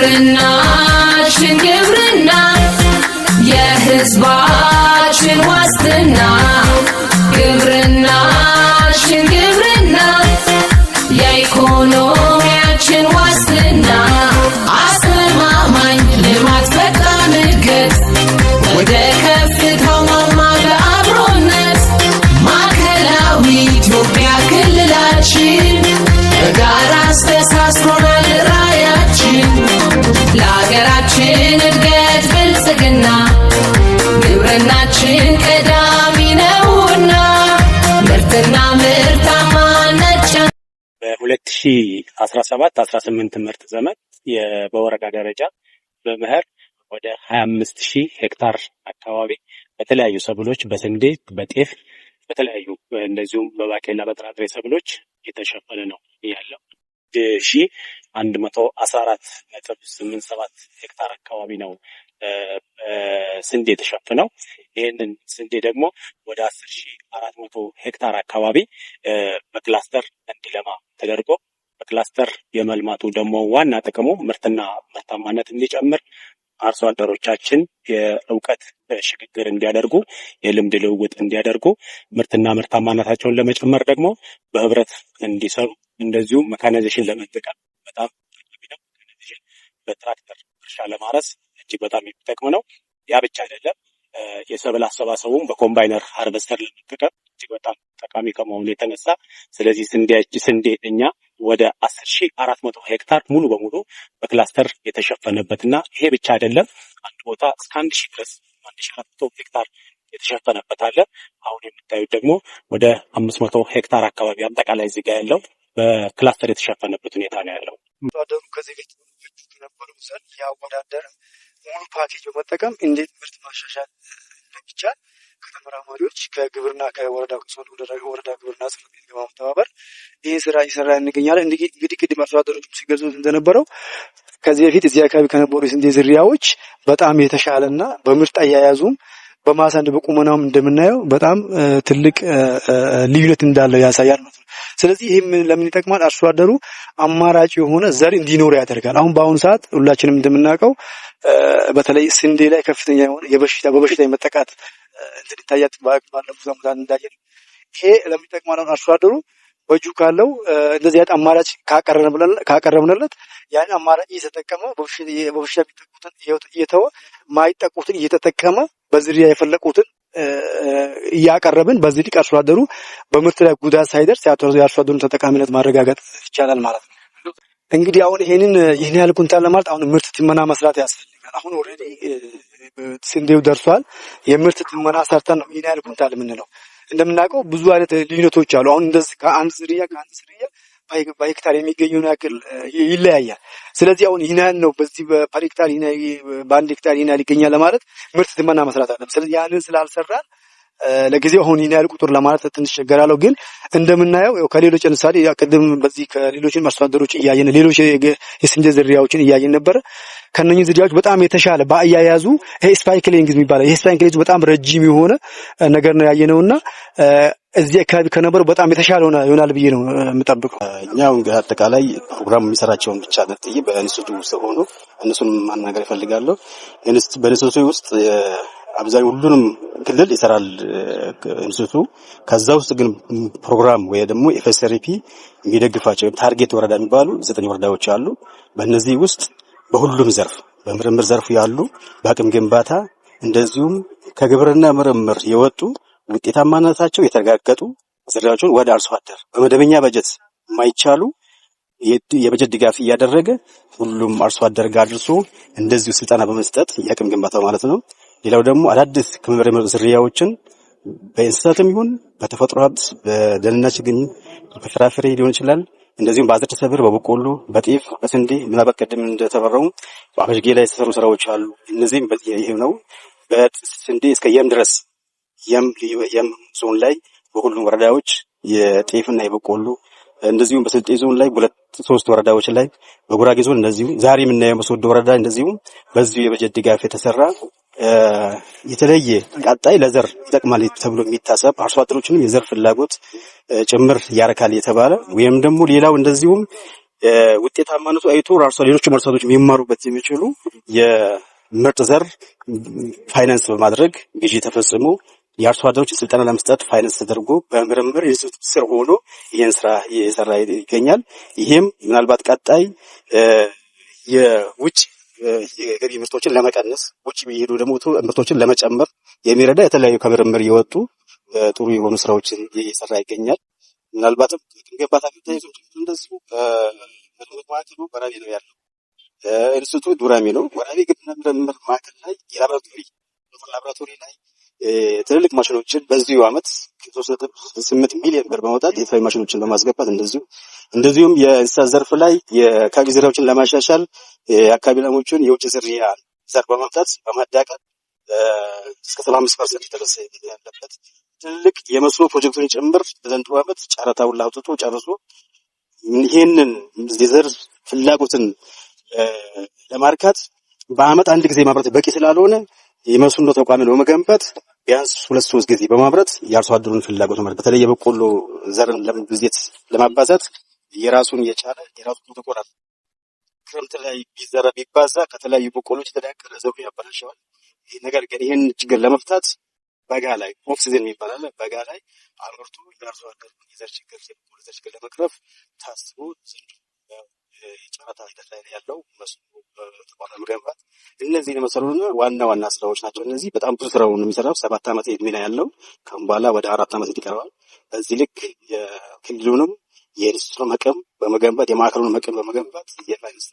Sabrina. 2017 18 ምርት ዘመን በወረዳ ደረጃ በመኸር ወደ 25 ሺህ ሄክታር አካባቢ በተለያዩ ሰብሎች በስንዴ፣ በጤፍ፣ በተለያዩ እንደዚሁም በባቄላ በጥራጥሬ ሰብሎች የተሸፈነ ነው ያለው። ሺ አንድ ነጥብ ስምንት ሄክታር አካባቢ ነው ስንዴ የተሸፈነው። ይህንን ስንዴ ደግሞ ወደ አስር ሺህ ሄክታር አካባቢ በክላስተር እንዲለማ ተደርጎ በክላስተር የመልማቱ ደግሞ ዋና ጥቅሙ ምርትና ምርታማነት እንዲጨምር አርሶ አደሮቻችን የእውቀት ሽግግር እንዲያደርጉ፣ የልምድ ልውውጥ እንዲያደርጉ፣ ምርትና ምርታማነታቸውን ለመጨመር ደግሞ በህብረት እንዲሰሩ፣ እንደዚሁም መካናይዜሽን ለመጠቀም በጣም ጠቃሚ ነው። መካናይዜሽን በትራክተር እርሻ ለማረስ እጅግ በጣም የሚጠቅም ነው። ያ ብቻ አይደለም። የሰብል አሰባሰቡም በኮምባይነር ሃርቨስተር ለመጠቀም እጅግ በጣም ጠቃሚ ከመሆኑ የተነሳ ስለዚህ ስንዴ እኛ ወደ 10400 ሄክታር ሙሉ በሙሉ በክላስተር የተሸፈነበትና ይሄ ብቻ አይደለም፣ አንድ ቦታ እስከ 1000 ድረስ 1400 ሄክታር የተሸፈነበት አለ። አሁን የምታዩት ደግሞ ወደ 500 ሄክታር አካባቢ አጠቃላይ ዜጋ ያለው በክላስተር የተሸፈነበት ሁኔታ ነው ያለው። አደሩ ከዚህ በፊት የነበረው ዘር ያወዳደረ ሙሉ ፓኬጅ በመጠቀም እንዴት ምርት ማሻሻል እንደሚቻል ከተመራማሪዎች ከግብርና ከወረዳ ሶል ወረዳ ግብርና ጽሕፈት ቤት ጋር በመተባበር ይህ ስራ እየሰራ እንገኛለን። እንግዲህ ቅድም አርሶ አደሮች ሲገዙ እንደነበረው ከዚህ በፊት እዚህ አካባቢ ከነበሩ የስንዴ ዝርያዎች በጣም የተሻለ የተሻለና በምርጥ አያያዙም በማሳንድ በቁመናውም እንደምናየው በጣም ትልቅ ልዩነት እንዳለው ያሳያል ማለት ነው። ስለዚህ ይህም ለምን ይጠቅማል? አርሶ አደሩ አማራጭ የሆነ ዘር እንዲኖር ያደርጋል። አሁን በአሁኑ ሰዓት ሁላችንም እንደምናውቀው በተለይ ስንዴ ላይ ከፍተኛ የሆነ የበሽታ በበሽታ የመጠቃት እንትን ይታያል። ባለፉት ዓመታት እንዳየ ይሄ ለምን ይጠቅማል? አሁን አርሶ አደሩ በእጁ ካለው እንደዚህ አይነት አማራጭ ካቀረብንለት ያን አማራጭ እየተጠቀመ በበሽታ የሚጠቁትን እየተወ ማይጠቁትን እየተጠቀመ በዝርያ የፈለቁትን እያቀረብን በዚህ ልክ አርሶ አደሩ በምርት ላይ ጉዳት ሳይደርስ የአርሶ አደሩን ተጠቃሚነት ማረጋገጥ ይቻላል ማለት ነው። እንግዲህ አሁን ይህንን ይህን ያህል ኩንታል ለማለት አሁን ምርት ትመና መስራት ያስፈልጋል። አሁን ኦልሬዲ ስንዴው ደርሷል። የምርት ትመና ሰርተን ነው ይህን ያህል ኩንታል የምንለው። እንደምናውቀው ብዙ አይነት ልዩነቶች አሉ። አሁን እንደዚህ ከአንድ ዝርያ ከአንድ ዝርያ በሄክታር የሚገኘውን ያክል ይለያያል። ስለዚህ አሁን ይህናል ነው በዚህ በፐር ሄክታር በአንድ ሄክታር ይህናል ይገኛል ለማለት ምርት ትመና መስራት አለም። ስለዚህ ያንን ስላልሰራን ለጊዜው አሁን ይህን ያህል ቁጥር ለማለት ትንሽ ቸገራለሁ፣ ግን እንደምናየው ከሌሎች ለምሳሌ ቅድም በዚህ ከሌሎችን ማስተዳደሮች አደሮች እያየን ሌሎች የስንዴ ዝርያዎችን እያየን ነበረ። ከነኚህ ዝርያዎች በጣም የተሻለ በአያያዙ ይሄ ስፓይክሊንግ የሚባለው ይሄ ስፓይክሊንግ በጣም ረጅም የሆነ ነገር ነው ያየነውና እዚህ አካባቢ ከነበረው በጣም የተሻለ ሆነ ይሆናል ብዬ ነው የምጠብቀው። እኛው እንግዲህ አጠቃላይ ፕሮግራም የሚሰራቸውን ብቻ ነጥዬ በኢንስቲቱቱ ውስጥ ሆኖ እነሱን ማናገር ይፈልጋለሁ። በኢንስቲቱቱ ውስጥ አብዛኛው ሁሉንም ክልል ይሰራል እንስቱ ከዛ ውስጥ ግን ፕሮግራም ወይ ደግሞ ኤፍኤስሪፒ የሚደግፋቸው ታርጌት ወረዳ የሚባሉ ዘጠኝ ወረዳዎች አሉ። በእነዚህ ውስጥ በሁሉም ዘርፍ በምርምር ዘርፍ ያሉ በአቅም ግንባታ እንደዚሁም ከግብርና ምርምር የወጡ ውጤታማነታቸው የተረጋገጡ ዝርያዎችን ወደ አርሶ አደር በመደበኛ በጀት የማይቻሉ የበጀት ድጋፍ እያደረገ ሁሉም አርሶ አደር ጋር አድርሶ እንደዚሁ ስልጠና በመስጠት የአቅም ግንባታ ማለት ነው ሌላው ደግሞ አዳዲስ ክምር ዝርያዎችን በእንስሳትም ይሁን በተፈጥሮ ሀብት በደንና ችግኝ በፍራፍሬ ሊሆን ይችላል። እንደዚሁም በአዝርዕተ ሰብል፣ በበቆሎ፣ በጤፍ፣ በስንዴ ምናልባት ቀደም እንደተበረው በአበሽጌ ላይ የተሰሩ ስራዎች አሉ። እነዚህም ይህ ነው። በስንዴ እስከ የም ድረስ የም ዞን ላይ በሁሉም ወረዳዎች የጤፍና የበቆሎ እንደዚሁም በስልጤ ዞን ላይ ሁለት ሶስት ወረዳዎች ላይ በጉራጌ ዞን እንደዚሁ ዛሬ የምናየው በሶዶ ወረዳ እንደዚሁም በዚሁ የበጀት ድጋፍ የተሰራ የተለየ ቀጣይ ለዘር ይጠቅማል ተብሎ የሚታሰብ አርሶ አደሮችንም የዘር ፍላጎት ጭምር ያረካል የተባለ ወይም ደግሞ ሌላው እንደዚሁም ውጤታማነቱ አይቶ ራሷ ሌሎች አርሶአደሮች የሚማሩበት የሚችሉ የምርጥ ዘር ፋይናንስ በማድረግ ግዢ ተፈጽሞ የአርሶ አደሮች ስልጠና ለመስጠት ፋይናንስ ተደርጎ በምርምር ኢንስቲትዩት ስር ሆኖ ይህን ስራ እየሰራ ይገኛል። ይሄም ምናልባት ቀጣይ የውጭ የገቢ ምርቶችን ለመቀነስ ውጭ የሚሄዱ ደግሞ ምርቶችን ለመጨመር የሚረዳ የተለያዩ ከምርምር የወጡ ጥሩ የሆኑ ስራዎችን እየሰራ ይገኛል። ምናልባትም ግንገባታ ተያይዞ እንደዚሁ ምርምር ማዕከሉ ወራቤ ነው ያለው። ኢንስቲቱቱ ዱራሜ ነው። ወራቤ ግብርና ምርምር ማዕከል ላይ የላብራቶሪ ላብራቶሪ ላይ ትልልቅ ማሽኖችን በዚሁ አመት ስምንት ሚሊዮን ብር በመውጣት የተለያዩ ማሽኖችን በማስገባት እንደዚሁ እንደዚሁም የእንስሳት ዘርፍ ላይ የአካባቢ ዝርያዎችን ለማሻሻል የአካባቢ ላሞችን የውጭ ዝርያ ዘር በማምጣት በማዳቀል እስከ ሰባ አምስት ፐርሰንት የተደረሰ ያለበት ትልልቅ የመስኖ ፕሮጀክቶችን ጭምር በዘንድሮ ዓመት ጨረታ ውላ አውጥቶ ጨርሶ ይህንን የዘር ፍላጎትን ለማርካት በአመት አንድ ጊዜ ማምረት በቂ ስላልሆነ የመስኖ ተቋምን በመገንባት ቢያንስ ሁለት ሶስት ጊዜ በማምረት የአርሶ አደሩን ፍላጎት ማለት በተለይ የበቆሎ ዘርን ለምብዜት ለማባዛት የራሱን የቻለ የራሱ ፕሮቶኮል ክረምት ላይ ቢዘራ ቢባዛ ከተለያዩ በቆሎች የተዳቀለ ዘሩ ያበላሸዋል። ይህ ነገር ግን ይህን ችግር ለመፍታት በጋ ላይ ኦፍ ሲዝን በጋ ላይ አምርቶ የአርሶ አደሩን የዘር ችግር የበቆሎ ዘር ችግር ለመቅረፍ ታስቦ ዘንድ የጨረታ ሂደት ላይ ያለው እነሱ ተቋም ገንባት እነዚህ የመሰሉ ዋና ዋና ስራዎች ናቸው። እነዚህ በጣም ብዙ ስራውን የሚሰራው ሰባት ዓመት ዕድሜ ላይ ያለው ከም በኋላ ወደ አራት ዓመት ይቀረዋል። በዚህ ልክ የክልሉንም የኢንዱስትሪ መቀም በመገንባት የማዕከሉን መቀም በመገንባት የፋይናንስ